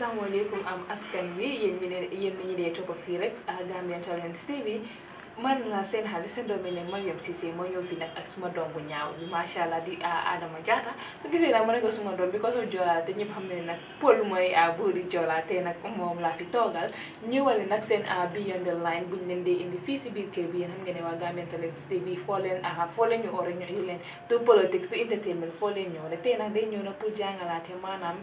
asalaamaaleykum am askan wi yéen ñi ne yéen ñi dee topp fii rek Gambian Talents TV man la seen xaalis seen doom yi ne Mariam Cissé moo ñëw ak suma doom bu ñaaw bi macha allah di ah, Adama Diatta su gisee nag ma ne bi ko soo xam ne nag Paul mooy ah, buuri joolaa te nag moom laa fi nag seen ah, Beyond the Line buñ leen dee indi fii si biir kër bi yéen xam ngeen ne waa Gambian Talents TV foo leen foo leen ñu ore ñu indi leen to politics to entertainment foo leen maanaam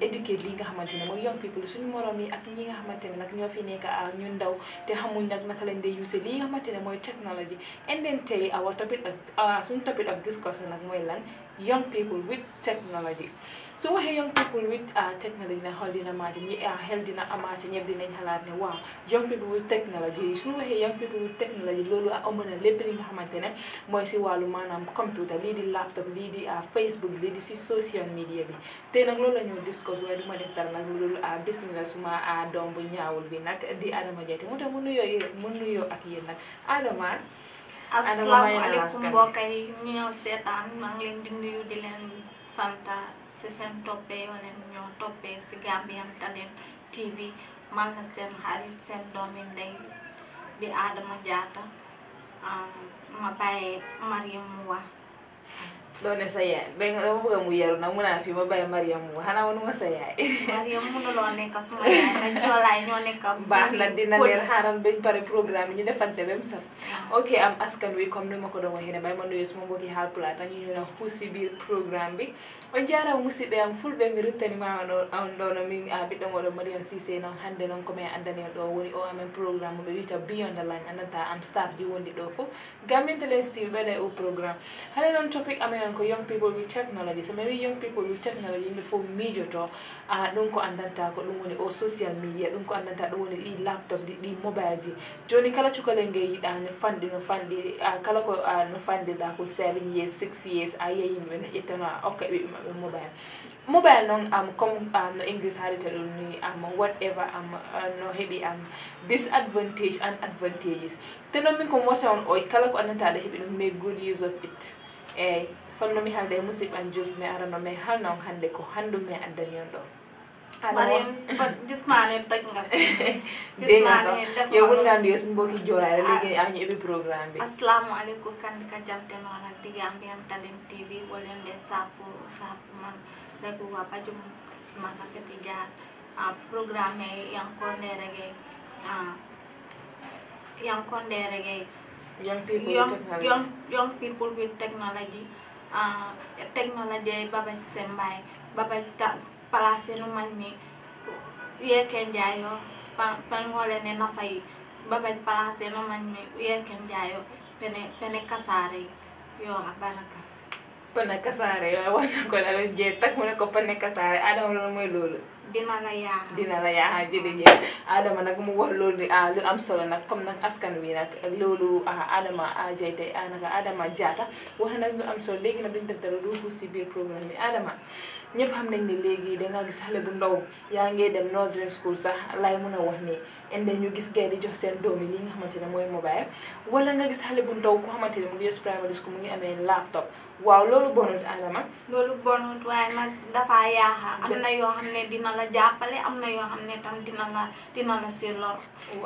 éduquer li nga xamante ne mooy young people suñu morom yi ak ñi nga xamante ne ñoo fi nekk ñu ndaw te xamuñ nag naka lañ dee use lii xamante ne mooy technology and then tey our topic uh, suñu topic of discussion nag mooy lan young people with technology su waxee young people with ah, technology ne xool dina màcc ñi ah, xel dina amàcc ñëpp dinañ xalaat ne waaw young people with su ñu lépp li xamante ne mooy si wàllu maanaam computer lii di laptop lii di ah, Facebook lii di si social media bi tey nag loolu la ñu discuss ma def dara nag loolu bismillah bu ñaawul bi nag di Adama Jaite mu tax mu nuyoo mu nuyoo ak yéen nag Adama. asalaamaaleykum mbokk yi ñu ñëw seetaan maa ngi di leen sant. si seen toppee yoo leen ñoo toppee si Gambian Talents TV man seen xarit seen doomi ndey di Adama Jaata ma bàyyee Mariam mu ɗone saya ɓen ɗo buga mu yaru na muna fi mabay mariamu hana woni mo saya mariamu no ne ka suma na jola ñoo ne ka ba na dina leer haral beñ pare programme ñu defante bem sa ah. ok am askan wi comme ni ma ko doon waxee ne may ma nuyu suma mbokki haal plat dañu ñu na huusi biir programme bi o jaarama musidɓe am fulɓe mi ruttanima on ɗo no min a ɓiɗɗo moɗo mariam sisé noon hannde noon ko min andanel ɗo woni o amen programme ɓe wiyta beyond the line ananta am staff ji wondi ɗo fof gammintelen stivi ɓeɗe o programme haale noon topic amen ngayon ko young people with technology so maybe young people with technology yimɓe fof miijoto a ah, ɗum ko anndanta ko ɗum woni o social media ɗum ko andanta ɗum woni ɗi laptop ɗi ɗi mobile ji joni kala cukalel ngel yiɗa ah, no fanɗi no fanɗi ah, kala ko no fanɗirɗa ko 7 years 6 years a yiya yimɓe no ƴettano a okka ɓiɓɓe maɓɓe mobile mobile noon um, comme um, no english haalita ɗum ni um, whatever um, uh, no heɓi um, disadvantage and advantages te noon min ko wata on o kala ko anndanta aɗa heɓi ɗum make good use of it eyyi eh, fonno mi haalda e musidɓan jufmi arano mi halna on hannde ko hanndum mi anndani on ɗo yo wulnandu yo sumboki jorare legui ah. añu eɓe programme ɓe assalamu Assalamualaikum, kandi ka jamtenoora tigi am mbiyam talim tv boleh nde sapu sapu man regu apa bajum maka feti jaar ah, yang yankonde rege ah, yankonde rege young people young, young, young people with technology technology babaj sembay babaj place no man mi yeken jayo pangole ne na fay babaj place no man mi yeken jayo pene pene kasare yo baraka pene kasare yo wana ko la je tak mo ne ko pene kasare adam lo moy lolu dina la yaaxa dina la yaaxa ah. jërëjëf Adama nag mu wax loolu ah, lu am solo nag comme nag askan wi nag loolu ah, Adama Jaiteh naka Adama Jatta na nag lu am solo si biir programme bi Adama ñëpp xam nañ bu ndaw yaa ngi dem nursery school sax laay a wax nii inde ñu gis gay di jox seen doom yi li ne mooy mobile wala nga gis xale bu ndaw ko xamante ne mu ngi yës primary school mu ngi waaw loolu bonut Adama loolu bonut waaye nag dafaa yaaxa am na yoo xam ne dina la jàppale am na yoo xam ne tam dina la dina la si lor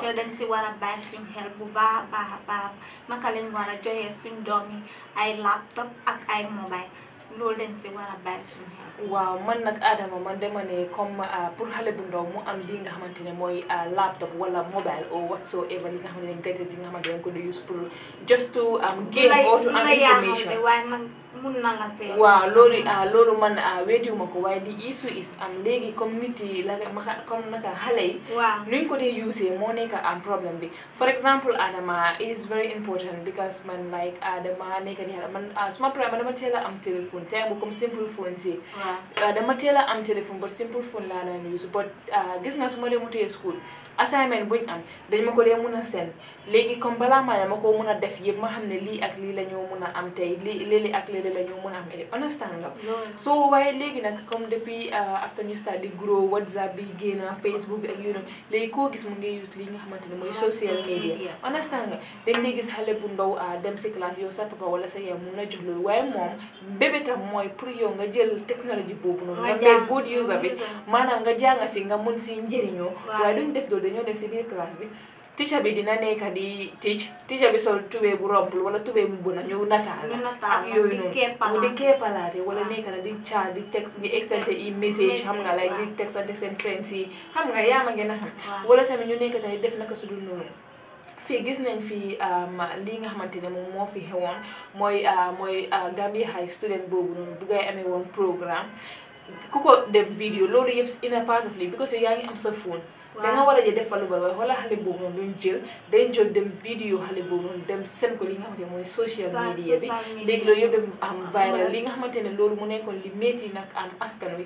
te dañ si war a bàyyi suñ xel bu baax a baax a baax naka lañ war a joxee suñ doom yi ay laptop ak ay mobile loolu dañ si war a bàyyi suñ xel waaw man nag Adama man dama ne comme ah, pour xale bu ndaw mu am li nga xamante ne mooy ah, laptop wala mobile or whatsoever li nga xamante ne gadgets yi nga xamante ko di use pour just to am um, gain or to am waaye nag mun na nga seet waaw loolu ah loolu man ah weddiwuma ko waaye di issue is am léegi comme nit yi la comme naka xale yi. waaw nuñ ko dee usee moo nekk am ah, problème bi for example Adama is very important because man like Adama nekk di xel man ah suma problème dama teel am téléphone tey bu comme simple phone si. waaw ah, dama teel a am téléphone but simple phone laa daan use but ah, gis nga su ma dee mu tee school assignment buñ am dañ ma ko dee mun a seen léegi comme balaa maa ne ma ko mun a def yëpp ma xam ne lii ak lii la mun a am tey léeg-léeg la ñu mën a am it understand nga so waaye léegi nag comme depuis euh, after ñu start di grow whatsapp bi génn facebook bi ak yu noonu léegi koo gis mu ngi use lii nga xamante ne mooy ah, social media understand nga dañ lay gis xale bu ndaw euh, dem si classe yow sa papa wala sa yaay mun na jox loolu waaye moom mbébétam mooy pour yow nga jël technologie boobu noonu nga make good use of it maanaam nga jàng si nga mun si njëriñoo waaye duñ def doolu dañoo def si biir classe bi teacher bi dina nekk di teach teacher bi sol tubéy bu rompul wala tubéy bu buna ñu nataal ak yooyu noonu di keepalaate wala nekk na di chat di text di exante i message xam nga like di textante seen friends yi xam nga yaa ma a xam wala tamit ñu nekk tamit def naka su dul noonu fii gis nañ fi um, lii nga xamante ne moom moo fi xewoon mooy uh, mooy uh, Gambia High student boobu noonu bu ngay amee woon programme ku ko dem vidéo loolu yëpp in a part of li because yaa ngi am sa phone da nga war a def fa lu a waaye xoolal xale boobu noonu luñ jël day jël dem vidéo xale boobu noonu dem seen ko li nga xamante mooy social media bi léegi loolu dem am viral li nga xamante ne loolu mu nekkoon li métti nag am askan wi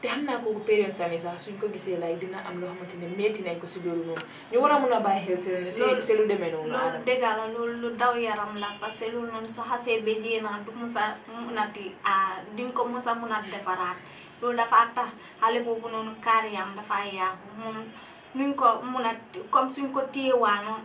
te xam naa kooku parents yi sax suñ ko gisee lay dina am loo xamante ne métti nañ ko si loolu noonu ñu war a a bàyyi xel seen lu demee noonu loolu dëgg la lu daw yaram la parce que loolu noonu soo xasee ba jéem a du mos a a di duñ ko mos a mun a defaraat loolu dafa tax xale boobu noonu kaariyam dafa yaaku moom nuñ ko mun a comme suñ ko téyewaanoon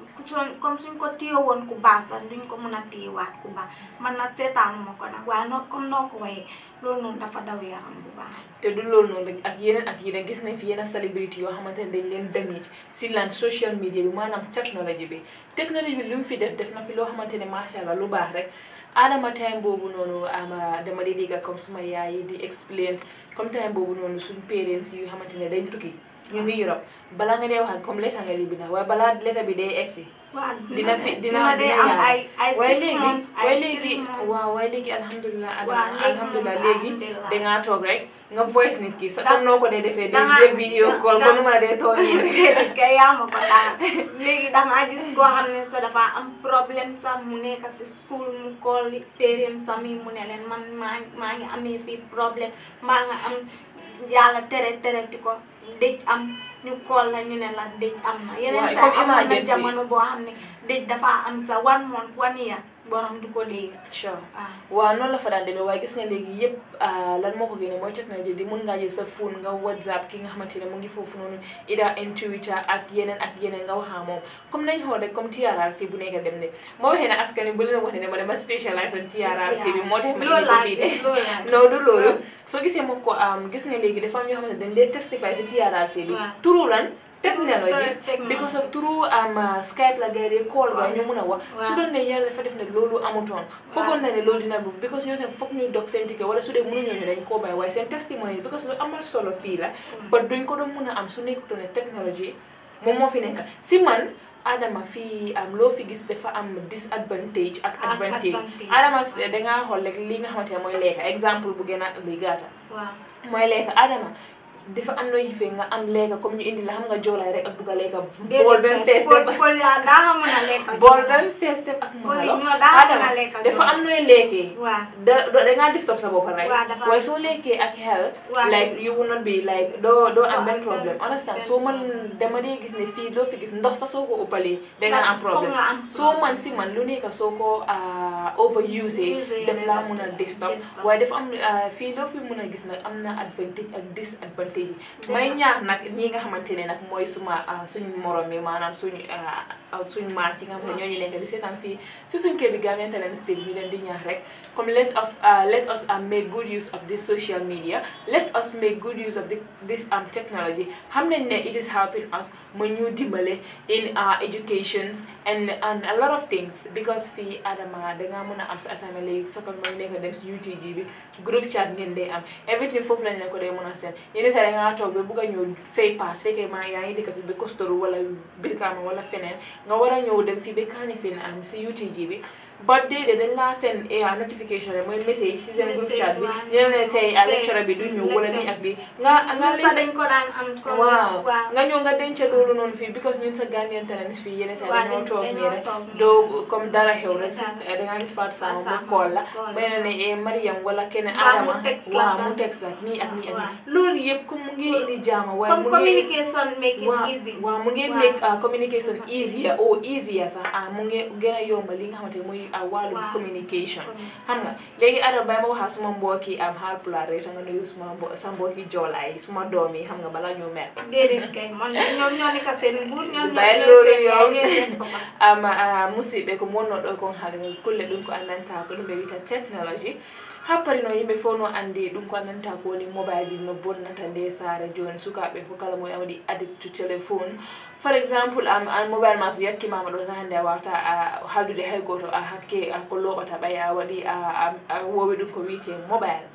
comme suñ ko téyewoon ku baax sax duñ ko mun a téyewaat ku baax man nag seetaanuma ko nag waaye noo comme noo ko wayee loolu noonu dafa daw yaram bu baax te du loolu noonu rek ak yeneen ak yeneen gis nañ fi yeneen célébrité yoo xamante ne dañ leen damage si lan social media bi maanaam technologie bi technologie bi lu mu fi def def na fi loo xamante ne macha la lu baax rek adama time boobu noonu ama dama di dégg comme suma yaay di explain comme time boobu noonu suñ parents yu xamante ne dañ tukki ñu ngi Europe balaa nga dee wax comme leeta nga li bi na waaye balaa leeta bi day egsi dina fi dina dee am ay ay six months ay three months waaw waaye léegi alhamdulilah alhamdulilah léegi dangaa toog rek nga voice nit kii sa comme noo ko dee defee dee dee video call ba nu ma dee tooñee rek kay yaa ko daal léegi damaa gis koo xam ne sa dafa am problème sax mu nekk si school mu call périm sax mi mu ne leen man maa maa ngi amee fii problème mbaa nga am yàlla tere tere di ko dëj am ñu kool la ñu ne la dëj am na yeneen saa amoon na jamono boo xam ne dëj dafa am sa one month one year borom du ko lii. Ah. waaw noonu la fa daan demee waaye gis nga léegi yëpp ah, lan moo ko génne mooy technologie di mun ngaa jël sa phone nga whatsapp ki nga xamante ne mu ngi foofu noonu ida en Twitter ak yeneen ak yeneen nga waxaa moom comme nañ xool rek comme TRRC bu nekk dem ne moo waxee ne askan wi bu leen wax ne dama dama spécialisé ci TRRC bi moo tax ma de non du loolu ah. soo moo ko gis nga léegi dafa am ñoo si TRRC bi turu lan technology because of through am um, uh, Skype la gars yi call ba ñu mun a wax su doon ne yàlla dafa def ne loolu amutoon foogoon na ne loolu dina bu because ñoo tam foog ñu dog seen ticket wala su dee mënuñoo ñu dañ koo bàyyi waaye seen testimony because lu amal solo fii la mm. ba duñ ko doon mun a am su nekkutoon ne technology moom moo fi nekk si man Adama fii am um, loo fi gis dafa am disadvantage ak advantage Adama dangaa xool rek li nga xamante ne mooy lekka exemple bu gën a li gaata mooy lekka dafa am na yife nga am leega comme ñu indi la xam nga joolay rek ak a leega bool benn fees te bool yaa daa xamun a lekka bool benn fees te ak maalo dafa am nooy lekkee waaw da dangaa disturb soo lekkee ak xel like am benn problème soo man fii loo fi gis ndox sax soo ko ëppalee dangaa am si man lu nekk soo ko uh, overuse daf laa mun a disturb waaye dafa am uh, fii loo fi mun a gis nag am na advantage ak disadvantage autorité yi may ñaax nag ñi nga xamante ne nag mooy suma ah, suñu morom yi maanaam suñu ah, ah, suñu maas yi nga xam ne ñooñu leen di seetaan fii si suñ kër bi Gambian Talents TV ñu leen di ñaax rek comme let of let us make good use of this social media let us make good use of this am um, technology xam nañ ne it is helping us mu ñu dimbale in educations and and a lot of things because fii Adama dangaa mën a am sa assignment léegi fekkoon mooy nekk dem si UTG bi group chat ngeen day am everything foofu lañ leen ko day mën a seen tey ngaa toog ba bugg a ñëw fay paas fekkee maa yaa ngi dëkk fi ba Costoru wala Brikama wala feneen nga war a ñëw dem fii ba Kanifing am si UTG bi ba déedéet dañ laa seen a notification rek mooy message yi si seen groupe chat bi ñu leen say à lecture bi du ñëw wala nii ak bi nga nga leen dañ ko daan am comme waaw nga ñëw nga denc loolu noonu fii because ñun sa Gambian Talents fii yenn saa dañoo toog nii rek doo comme dara xew rek si dangaa gis Fatou Sama mu kool la mu ne ne eh, e Mariam wala keneen Adama waaw mu texte la nii ak nii ak loolu yëpp comme mu ngi indi jaama waaye mu ngi communication make it easy waaw mu ngi make ah, communication easier oh easier sax ah mu ngi gën a yombal li nga xamante mooy ak wàllu communication xam nga léegi Adam bay ma waxaa suma mbokki am Haalpulaar rek nga nuyu suma mbo sa mbokki suma doom yi xam nga bala ñu mer déedéet kay man ñoom ñoo nekk seen buur ñoom ñoo seen ama ah, musiɓe ko wonnoɗo kon haala kulle ɗum ko anndanta ko happari no yimɓe fof no anndi ɗum ko nanta ko woni mobile ji no bonnata nde saare jooni sukaɓe fof kala moe waɗi addict to téléphone par exemple am an mobile ma so yakkimama ɗo tahande a wawata a haldude haygoto a hakke ko loɓata ɓay a waɗi a wowi ɗum ko wiyete mobile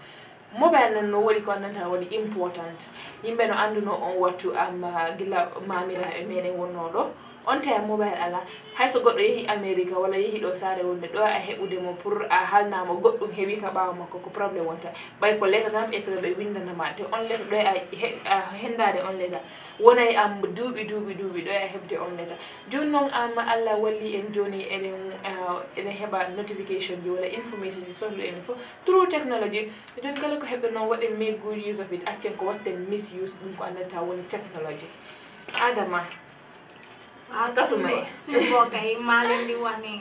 mobile nan no waɗi ko annanta woni important yimɓe no annduno on wattu am gila mamiraɓe meɗen wonnoɗo on taya mobile ala hayso goɗɗo yeehi amérique walla yeehi ɗo saare wonde ɗo a heɓude mo pour a halnamo goɗɗum heewi ka ɓawa makko ko probléme wonta ɓay ko lettre tan ɓettere ɓe windanama te on lettre ɗo a hendade on lettre wonay am duuɓi duuɓi duuɓi ɗo a heɓde on lettre joni noon am allah walli en joni eɗen eh, eɗen heeɓa notification ji walla information ji sohlu ene foof trou technologie joni kala ko heɓɗa noon waɗe make good use of it accen ko watten mis use ɗum ko andanta woni technologie adama tasuma yi suñu mbokk yi maa leen di wax ni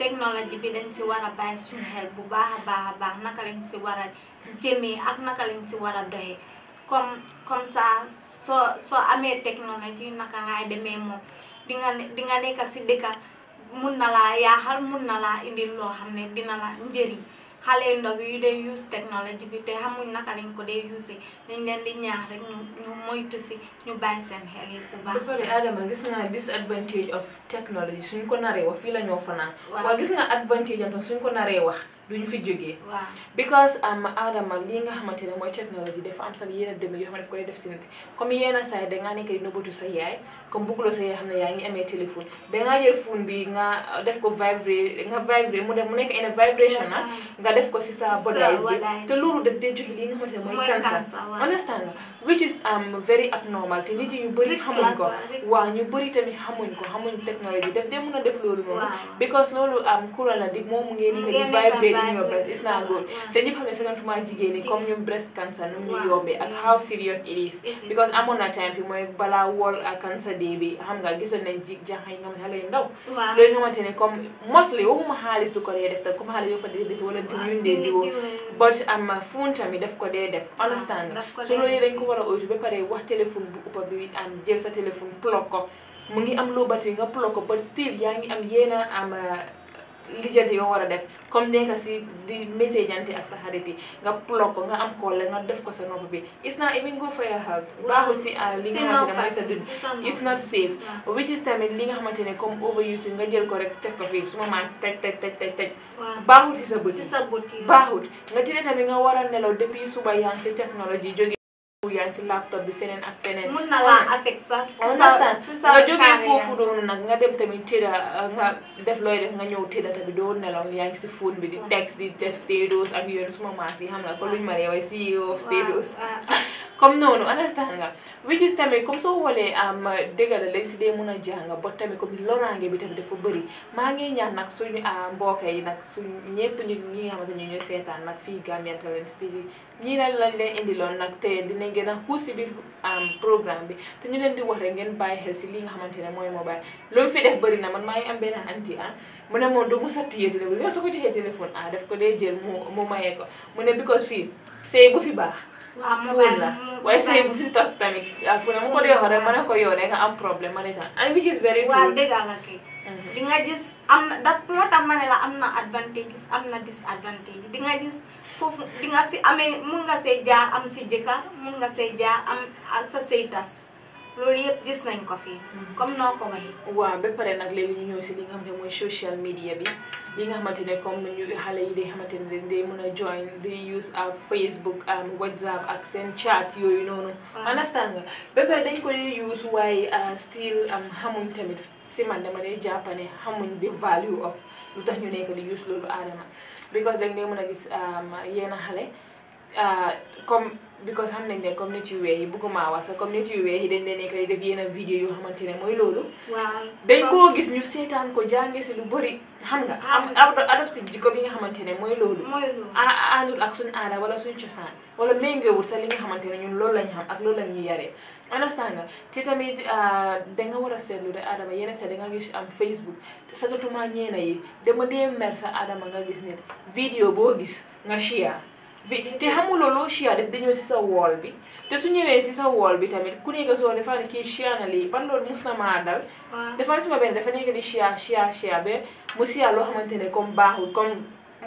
technologie bi dañ si war a bàyyi suñu xel bu baax a baax a baax naka lañ si war a jëmee ak naka lañ si war a doxee comme comme ça soo amee technologie naka ngay demee moom di nga nga nekk si dëkka mun na laa yaaxal mun na laa indil loo xam ne dina la njëriñ xale yu ndaw yi day use technologie bi te xamuñ naka lañ ko day use dañ leen di ñaax rek ñu ñu yi bu ba pare Adama gis naa disadvantage of technology suñ ko naree wax fii la ñoo fanaan. waaw gis nga advantage am tam suñ ko naree wax. ñu fi jógee. waaw because am um, Adama lii nga xamante ne mooy technologie dafa am sa yenn demee yoo xam ne daf koy def si nit comme yenn saa yi dangaa nekk di nëbbatu sa yaay comme bëgguloo sa yaay xam ne yaa ngi amee téléphone dangaa jël phone bi nga def ko vibré nga vibré mu def mu nekk une vibration nga def ko si sa. sa bodays bi te loolu daf dee joxe lii nga xamante ne mooy understand which is um, very abnormal te nit yi ñu bëri xamuñ ko waaw ñu bëri tamit xamuñ ko xamuñ technology def dee mën a def loolu noonu because loolu am um, courant la di moom mu ngeen di vibrate in your breast is not good te jigéen ñi comme ñun breast cancer nu mu ñu yombee ak how serious it is because amoon na time fi mooy balaa wol ak uh, cancer day bi xam nga gisoon nañ ji jànq yi nga xamante xale yu ndaw loolu nga xamante ne comme mostly waxuma xaalis du ko dee def tam comme xaalis yoo fa dee def wala di ñun um, daf ko dee def understand su loolu dañ ko war a oytu ba pare wax téléphone bu uppa bi am jël sa téléphone plug ko mu ngi am loo batterie nga plug ko ba still yaa ngi am yéena am lijjanti yoo war a def comme nekk si di message ak sa xarit yi nga plog ko nga am ko la nga def ko sa nopp bi it's not si ah, li nga xamante ne mooy sa dund it's not safe which is tamit li nga xamante ne comme overuse nga jël ko rek teg ko fii suma maa si teg teg teg teg teg sa bët yi nga tine tamit nga war a nelaw depuis suba yaa si technologie jóge yaa ngi si laptop bi feneen ak feneen. mun na laa affect sax. si sa nga jógee foofu noonu nag nga dem tamit tëdda uh, nga def looy def nga ñëw tëdda tamit doo nelaw yaa si phone bi di mm. text di def status ak yoon suma maas yi xam nga ko luñ ma reewee CEO of status. comme noonu understand nga which is tamit comme soo xoolee am dëgg la dañ si dee mun a jàng ba tamit comme loraange bi tamit dafa bëri maa ngi ñaan nag suñu ah, mbokk yi nag suñ ñëpp ñu ñi nga xamante ñu ñu seetaan nag fii Gambian Talents ñii nag lañ leen indiloon nag te dinañ gën a xuus si bi te ñu leen di wax rek ngeen bàyyi xel si li nga xamante ne mooy mobile loolu fi def bëri na man maa ngi am benn anti ah mu ne moom du mu sattiyee téléphone ko joxee téléphone ah ko dee jël mu mu mayee ko mu ne because fii sëy bu fi baax fuul la waaye sëy bu ma yow de am problème ma ne tam and which di nga gis am na daf ma ne am na advantages am na disadvantages di nga gis foofu di nga si amee mun nga see jaar am si jëkkër mun nga see jaar am sa sëy loolu yëpp gis nañ ko fii mm-hmm. comme noo ko waxee waaw ba pare nag léegi ñu ñëw si li nga xamante mooy social media bi li nga xamante ne comme ñu xale yi day xamante ne dañ day mën a join di use a Facebook am WhatsApp ak seen chat yooyu noonu understand nga ba dañ ko dee use waaye uh, still am um, xamuñ tamit si man dama day jàppane xamuñ the value of lu tax ñu nekk di use loolu aadama because dañ dee mën a gis um, yenn xale Ah, comme because xam nañ ne comme nit yu weex yi bëgguma wax sax comme nit yu weex yi dañ leen nekk di def yenn vidéo yoo xamante ne mooy loolu. waaw dañ koo gis ñu seetaan ko jànge si lu bëri. xam nga ah. am adop si jikko bi nga xamante ne mooy loolu. mooy loolu àndul ak suñu aada wala suñu cosaan wala méngeewul sax li nga xamante ne ñun loolu lañ xam ak loolu lañ ñu yaree. understand nga te tamit ah, danga war a seetlu de Adama yenn sax nga gis am Facebook sagatuma ñeena yi dama dee mer sa Adama nga gis nit vidéo boo gis nga share. te xamuloo loo chia def dañoo si sa wool bi te su ñëwee si sa wool bi tamit ku nekk soo dafa ne kii chia na lii ban loolu mus na maa dal. dafa suma benn dafa nekk di chia chia chia ba loo xamante ne comme baaxul comme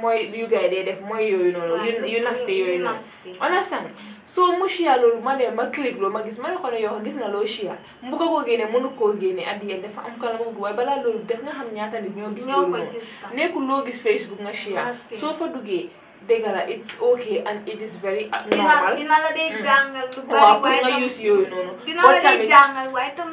mooy yu gars yi def mooy yooyu noonu. yu naste yooyu noonu. understand soo mu chia loolu ma dem ma clique loolu ma gis ma ne ko ne yow gis na loo chia mu ko koo mënu koo génne addi dafa am kanam ko waaye balaa loolu def nga xam ñaata nit ñoo gis. ñoo ko gis nekkul loo gis Facebook nga chia ah, soo fa duggee. dégg la it's okay and it is very normal dina la dee mm. jàngal lu waaw pour nga use yooyu noonu dina la dee jàngal waaye tam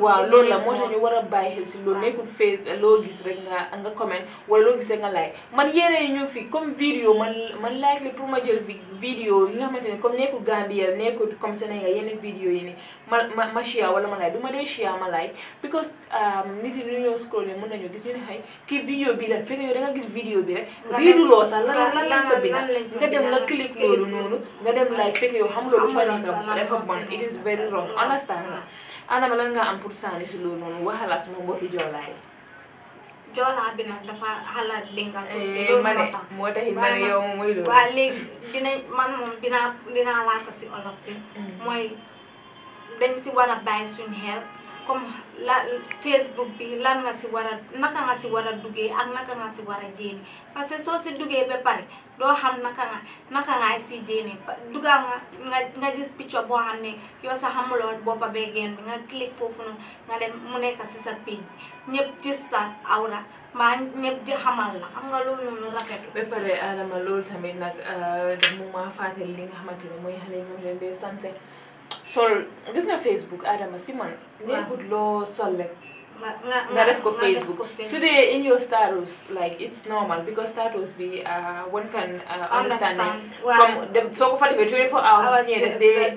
moo war a bàyyi si loolu loo gis rek nga nga comment wala loo gis rek nga like man yére yi ñëw fi comme vidéo man man like li pour ma jël vidéo yi nga xamante ne comme nekkul Gambia nekkul comme Sénégal yeneen vidéo yi ni ma ma ma wala ma like du ma dee share ma like because um, nit yi nu ñoo scroll mën nañoo gis ñu ne xëy kii vidéo bi la fekk yow da gis vidéo bi sax lan lan lañ fa bind nga dem nga click loolu noonu nga dem like fekk nga Adama am pour sànni si loolu noonu waxalaat suma mbokki joolaay eh, ma ne yow mooy loolu waaw léegi dinañ man moom dinaa si olof mm. war a bàyyi suñu comme la Facebook bi lan nga si war a naka si war a duggee ak naka nga si war a jéene parce que soo si duggee ba pare doo xam naka nga naka nga si jéene dugal nga nga nga gis picture boo xam ne yow sa xamuloo boppa bee génn nga click foofu noonu nga dem mu nekk si sa page bi ñëpp gis sa awra maa ñëpp di xamal la xam nga loolu noonu rafetul. ba pare Adama loolu tamit nag daf mu maa li nga xamante ne mooy xale ñoom leen sant. sol gis nga Facebook Adama si man. waaw nekkut loo sol rek. nga def ko Facebook su dee in your status like it's normal because status bi uh, one can uh, understand comme def soo ko fa defee 24 hours su ñëwee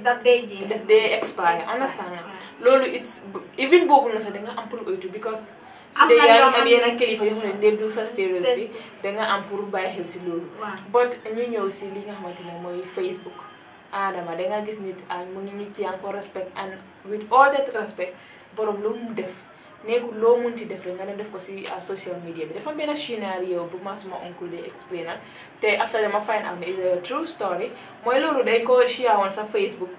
def dee def dee expire understand loolu it's even boobu na sax danga am pour oytu because su dee yaa ngi am yenn kilifa yoo xam ne ndéem nga sa status bi danga am pour bàyyi xel si loolu but ñu ñëw si li nga xamante ne mooy Facebook Adama da nga gis nit ak ah, mu ngi nit yaa ngi ko respect and with all that respect borom lu mu def nekkul loo mun ti def rek nga dem def ko si ah, social media bi dafa benn scénario bu ma suma oncle di explainal ah, te after dama find am ne is a true story mooy loolu dañ ko share woon sa Facebook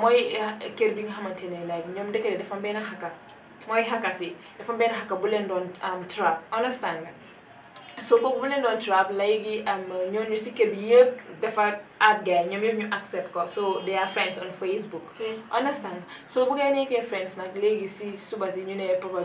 mooy kër bi nga xamante ne like ñoom dëkk dafa benn xaka mooy xaka si dafa benn xaka bu leen doon trap understand nga so boobu bu ne noon trap léegi am um, ñooñu si kër bi yëpp dafa aat gars yi ñoom ñu accept ko so they are friends on Facebook. understand so bu ngay nekkee friends nag léegi si suba si ñu ne papa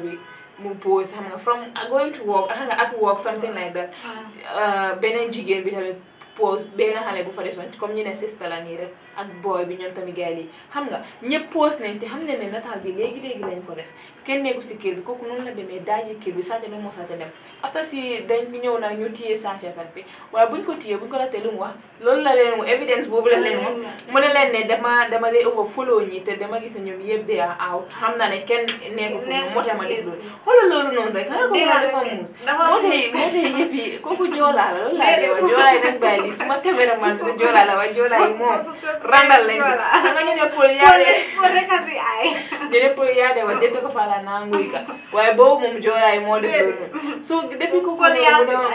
mu pose xam nga from going to work xam nga at work something like that ah. uh, beneen jigéen bi tamit. pose benn xale bu fa desoon comme ñu ne sista la rek ak booy bi ñoom tamit gars yi xam nga ñëpp pose nañ te xam ne ne nataal bi léegi léegi lañ ko def kenn nekku si kër bi kooku noonu la demee daaji kër bi Sadio Deme moo Sadio Deme after si dañ ñëw nag ñu téye Sadio Deme bi waaye buñ ko téye buñ ko laajtee lu mu wax loolu la leen mu évidence boobu la leen moom mu ne leen ne dama dama lay over follow ñi te dama gis ne ñoom yëpp de out xam naa ne kenn nekku foofu moo tax ma def loolu xoolal loolu noonu rek ah, yi su ma caméraman sa joolaa la waaye joolaa yi moom randal lañ nga ñu ne Pël yaa de Pël rek a si ay ñu ne Pël yaa de wax dëgg ko fa so depuis ko ko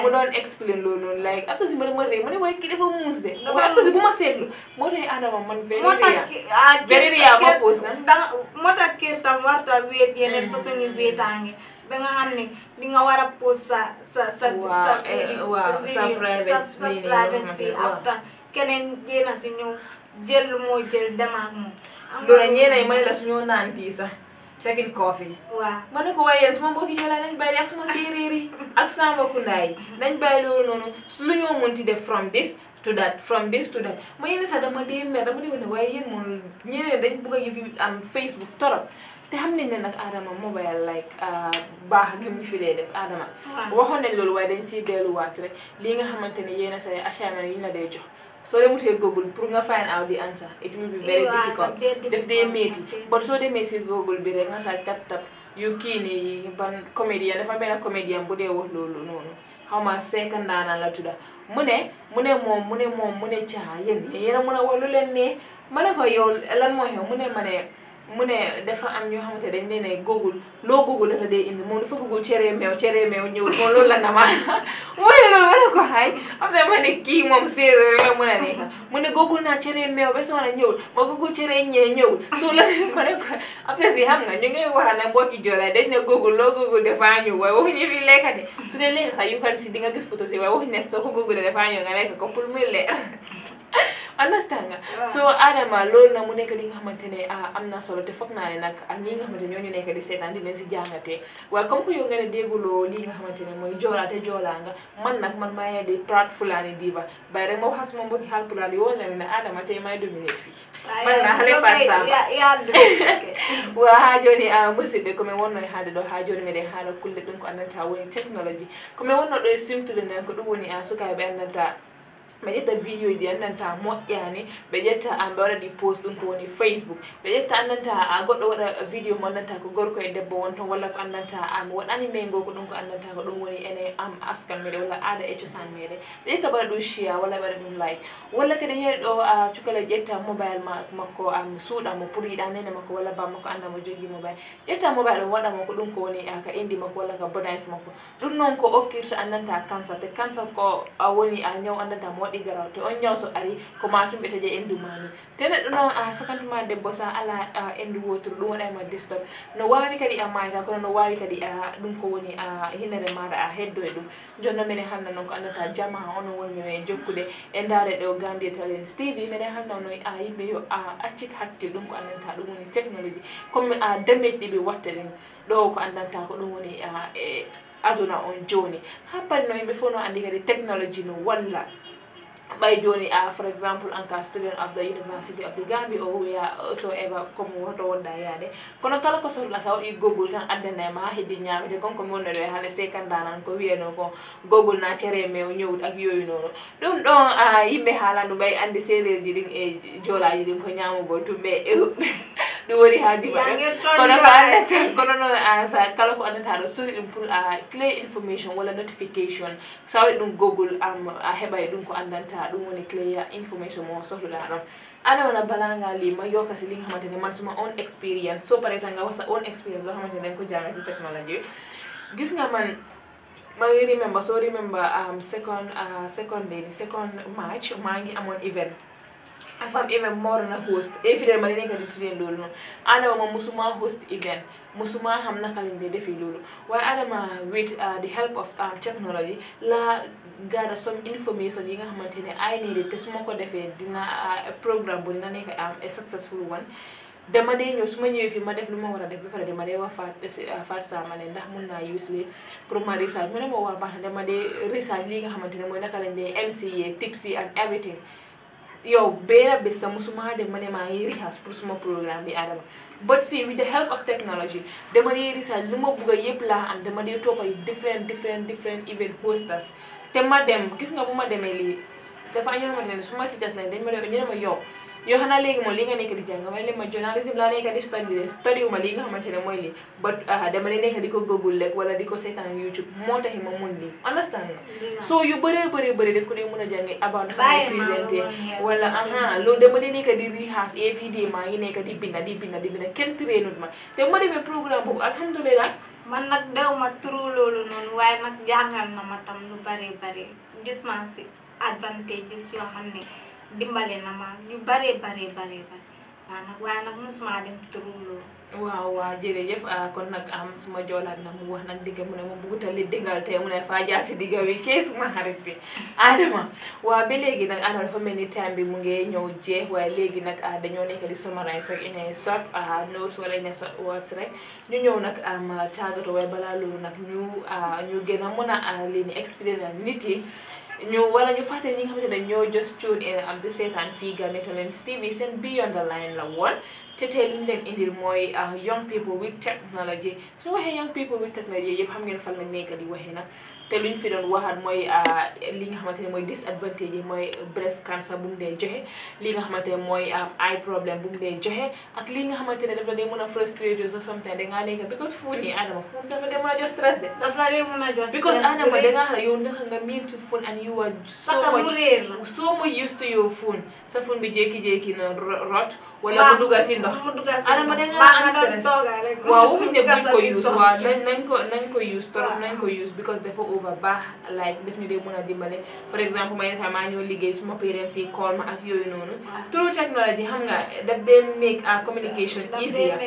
mu doon explain loolu noonu like afta si bari ma rëy ma ne waaye ki dafa muus de waaye afta si bu ma man very ria ma poos na moo tax kër tam warta wéet yeneen façon yi wéetaange ba nga xam li nga war a pose sa sa sa. Eh, sa sa privacy after keneen jéem a si ñëw jël lu moo jël dem ak moom. loolu ñeneen ma ne la suñu naan tii sax. checking coffee. waaw ma ne ko waaye suma mbokki joola nañ bàyyi ak ma séeréer yi ak sama mbokku ndaa yi nañ bàyyi loolu noonu lu ñoo mënti def from this to that from this to that ma yéen sax dama dee mer dama dee ne waaye yéen moom ñeneen dañ bugg a fi Facebook torop te xam nañ ne nag Adama mobile like ah, baax lu ñu fi dee def Adama. waxoon nañ loolu waaye dañ siy delluwaat rek lii nga xamante ne yéen a say assignment yi ñu la jox. soo demutee google pour nga find out the answer it will be very difficult def dee métti soo demee si google bi rek nga saaj tap tap yu kii nii ban comédien dafa benn comédien bu dee wax loolu noonu xaw ma second daanaan la tudda mu ne mu ne moom mu ne moom mu ne caa yéen yéen a mën a wax lu leen ne ma ne ko yow lan moo xew mu ne ma ne mu ne dafa am ñoo xamante dañ leen ne góogul loo góogul dafa dee indi moom dafa meew cere meew ñëw moom loolu la nama mooy loolu ma ne ko xaay am na ma kii moom séeréer la mun a mu ne góogul naa cere meew ba soxna ñëwul ma góogul cere ñee ñëwul soo la ma ne ko am na nga ñu ngay waxal nag mbokki joolaay dañ ne góogul loo góogul dafa ñëw waaye waxuñu lekka de su dee lekk sax yu kan nga gis photo si ne soo ko góogulee dafa ñëw ko pour muy leer understand nga so adama loolu na mu nekk li nga xamante ne ah, am naa solo te foog naa ne nag ak ah, ñi nga xamante ne ñoo ñu nekk di seetaan di nañ si jàngatee waaye comme que yow nga ne dégguloo lii nga xamante ne mooy joolaa te joolaa nga man nag man maa di praat fulaani diva bay rek ma wax suma mbokki xaal pulaani woon na ne ne adama tey may dominer fii man naa xale faat saa waa xaa jooni a ah, musid bi comme woon nooy xaade doo xaa jooni me de xaala kulle ɗum ko andantaa woni technologie comme woon noo ɗoy sumtude nen ko ɗum woni a sukaay bi andantaa ɓe ƴetta vidéo ji anndanta moƴƴani ɓe ƴetta an ɓe waɗa ɗi post ɗum ko woni facebook ɓe ƴetta anndanta a goɗɗo waɗa vidéo mo anndanta ko gorko e debbo won toon walla ko anndanta an mi waɗani mango ko ɗum ko anndanta ko ɗum woni ene am askal meɗe walla aada e cosan meɗe ɓe ƴetta ɓe waɗa ɗum chia walla ɓe waɗa ɗum like walla kadi yeeɗe ɗo cukalel ƴetta mobile makko mo suuɗamo pour yiɗa nene makko walla ba makko annda mo jogui mobile ƴetta mobile ɗum waɗamo ko ɗum ko woni ka indi makko walla ka bonise makko ɗum noon ko okkirta anndanta cancer te cancer ko woni a ñaw anndanta mo waɗ ɗigaraw to on ñawso ari ko matum ɓeteje endu mami te neɗɗo noon a sakantuma debbo sa ala endu wotoro ɗum waɗama distop no wawi kadi a maita kono no wawi kadi ɗum ko woni a hinere maɗa a heddo e ɗum jonno mine hanna noon ko andata jama ono wonmine jokkude e ndare ɗo gambie talen stevi mine hanna no a yimɓe yo a accit hakkil ɗum ko andanta ɗum woni technologie comme a damage ɗiɓe watta ɗen ɗo ko andanta ko ɗum woni e aduna on joni ha pari no yimɓe fof no andi kadi technologie no walla ɓay joni a ah, for exemple en cas student of the university of the gambi o wiya so eva comme woto wodɗa yaade kono kala ko sohluɗa sa waɗi google tan addanema heddi ñamede konko monnoɗo e hande sekandanan ko wiyano ko google na cere mew ñowd ak yoyu noonu ɗum ɗon ah, yimɓe haalandu ɓay andi sereji ɗin e joolaji ɗin ko ñamugol tumɓe e ɗum woni haaji kono ko kono noon an kala ko annata ɗo sori ɗum pour a clé information walla notification sa waɗi ɗum google am ah, a ah, heɓay ɗum ko anndanta ɗum woni clé information mo sohluɗa ɗon ana wona balanga lima yo kasi li nga man suma on experience so pare tanga wasa on experience loo xamante ko jàngee si technology bi gis nga man may remembe so remember um, second uh, second day ni second march maa ngi amoon event dafa am na bu a host évidemment li nekk di train loolu noonu Adama musuma host event musuma xam naka lañ dee defee loolu waaye Adama uh, with uh, the help of um, technology la gaada some yi nga xamante ne ay su ma ko defee dina uh, programme bu dina nekk am um, a successful one dama dee ñëw su ma ñëwee fii ma def lu ma war a def ba pare dama dee wax Fatou eh, Sama leen ndax mun naa use li pour ma research mu ne ma waa baax na dama dee research li nga xamante ne mooy naka lañ dee MC yeeg and everything yow benn bés sax musuma dem ma ne maa ngi rehearse pour suma programme bi Adama but see with the help of technology dama dee research li ma bugg a yëpp laa am dama dee topp ay different different different event hosters te ma dem gis nga bu ma demee lii dafa ñoo xamante ne su ma si jas nañ dañ ma dee ñu ne ma yow yoo xam naa léegi moom li nga nekk di jàng mooy li ma nga ne mooy lii but dama nekk di ko google rek wala di ko seetaan moo tax ma mun lii understand nga so yu bëree bëree bëri dañ ko dee mën a jàng about xam ne présenté wala aha loolu dama dee nekk di maa ngi nekk di binda di binda di binda kenn trainut ma te ma demee programme boobu alhamdulilah man nag dew ma turu loolu noonu waaye nag jàngal na ma tam lu bëree bëri gis naa si advantages yoo xam ne dimbale na ma ñu baree baree baree bare waaw nag waaye nag mosuma dem turuloo waaw waaw jërëjëf ah, kon nag am ah, suma joolaat na mu wax nag digga mu ne mu bugutal li dingal mu ne si digga bi ci suma xarit bi Adama waaw léegi nag Adama dafa bi mu ngi ñëw jeex waaye léegi nag ah, dañoo nekk di summarize rek in a short notes wala in a short rek ñu ñëw nag am tàggatoo waaye balaa loolu nag ñu ñu gën a mën a lii ni expérience nit yi ñu wala ñu fàtte ñi nga xam ne ñoo just tune in am di seetaan fii Gambian Talents TV seen Beyond the Line la woon te tey lu ñu leen indil mooy uh, young people with technology su waxee young people with technology yëpp xam ngeen fan la nekk di waxee nag te luñ fi doon waxaat mooy ah, li nga xamante ne mooy disadvantage mooy breast cancer bu dee joxe li nga xamante ne mooy ay ah, problème bu dee joxe ak li nga xamante ne daf la dee mën a frustrate sa sometimes dangaa nekk to your foon sa foon bi jékki-jékki na rot wala mu dugga si ndox Adama dangaa am stress waaw waxuñ ne buñ ko use waaw nañ ko use torop nañ ko use because dafa over baax like def ñu dee mën a dimbale for example, ma yenn saa maa ñëw liggéey suma parents yi call ma ak yooyu noonu through technology xam nga daf dee make a communication easier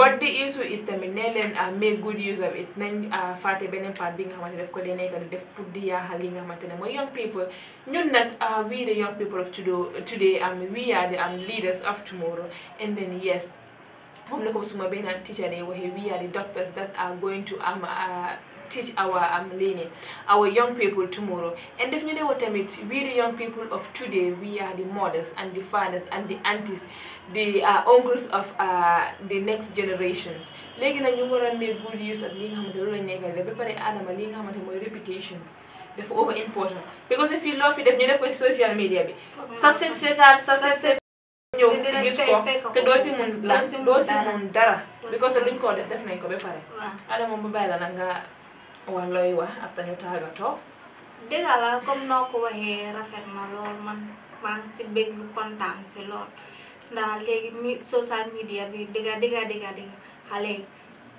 but the issue is tamit nee leen a ah, make good use of it nañ ah, fàtte beneen part bi nga xamante daf ko dee nekk di def pour di yaaxal li nga xamante ne mooy young people ñun nag ah, we the young people of today am um, we are the am um, leaders of tomorrow and then yes moom na ko suma benn teacher day waxee we are the doctors that are going to am um, teach our um, learning, our young people tomorrow. And definitely what I mean, we the young people of today, we are the mothers and the fathers and the aunties, the uh, of uh, next generations. Legi na ñu wara make good use of li nga xamante loolu la nekkal de ba pare adama li nga mooy reputations dafa over important because if you love def ñu def ko ci social media bi sa set sa set seet ñëw gis ko te doo si mun la doo si mun dara because luñ ko def def nañ ko ba pare waloy wax ak tanu tàggatoo dëgga la comme noko waxe waxee rafet na man maa ngi si bég lu kontaan si lool ndax nah, mi social media bi dega dega dega dega xale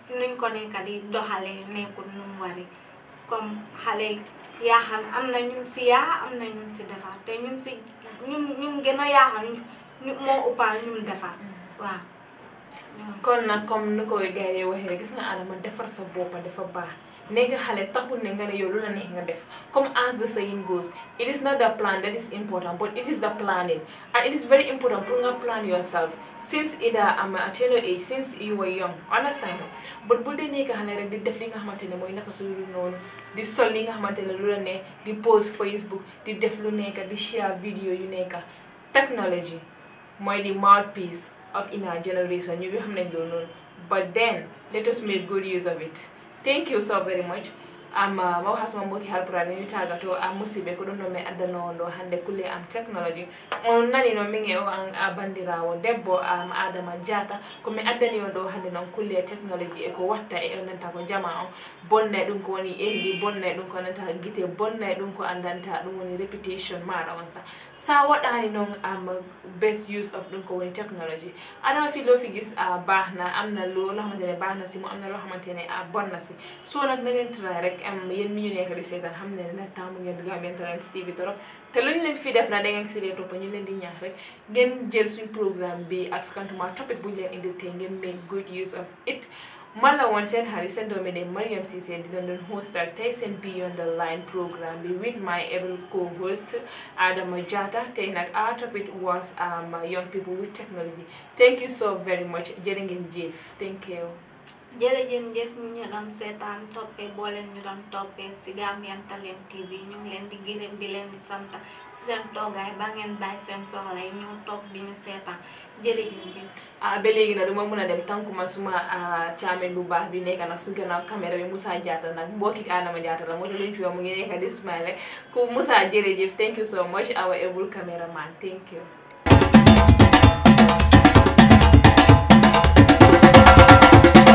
yi nuñ ko nekka di doxale nekkul nu wari comme xale ya yaaxan am na ñum ci ya am na ñum ci defar te ñum ci ñum ñum gëna ya yaaxan ñu mo upa ñum defar wa kon nag comme ni koy gayé waxé gis nga Adama defar sa bopa dafa baax nekk xale taxul ne nga ne yow lu la neex nga def comme as the saying goes it is not the plan that is important but it is the planning and it is very important pour nga plan yourself since ida am at your age since you were young understand but bul dee nekk xale rek di def li nga xamante ne mooy naka su dul noonu di sol li nga xamante ne lu la neex di post Facebook di def lu nekk di share video yu nekk technology mooy di mouthpiece of in our generation ñu ngi xam ne loolu noonu but then let us make good use of it. Thank you so very much. am maw hasuma mboki halpourade mi wittaga to a musiɓe ko ɗum noon mi addano on ɗo hannde kulle am technologie on nani noon min e o an a bandirawo debbo am adama diata komi addani on ɗo hannde noon kulle technologie e ko watta e o nanta ko jama o bonnay ɗum ko woni enɗi bonnay ɗum ko nanta guite bonnay ɗum ko andanta ɗum woni repetition maɗa on sa sa waɗani noon am best use of ɗum ko woni technologie adama filofigis a bahna amna lo lohamantene bahna simo amna lohamantene a bonna si sonan nanentra rek rek am yéen mi ñu nekk di seetaan xam ne dina taamu ngeen Gambian Talents TV torop te luñ leen fi def na da ngeen si dee topp ñu leen di ñaax rek ngeen jël suñ programme bi ak sukkandimaa topic bu leen indil tey ngeen make good use of it man la woon seen xarit seen doomi de Mariam Ceesay di leen doon hostal tey seen Beyond the Line programme bi with my able co-host Adama Jatta tey nag our topic was um young people with technology thank you so very much jërë ngeen jëf thank you jërëjëf jëf ñu ñu doon seetaan toppee boo leen ñu doon toppee si Gambian Talents TV ñu ngi leen di gërëm di leen di sant si seen toogaay ba ngeen bàyyi seen soxla yi ñu toog di ñu seetaan jërëjëf jëf ah, ba léegi nag du mun mën a dem tànkuma suma ah, caamen bu baax bi nekk nag su gannaaw caméra bi Moussa Diatta nag mbokki Adama Diatta la moo tax luñ fi mu ngi nekk di smile ku Moussa jërëjëf thank you so much our able cameraman thank you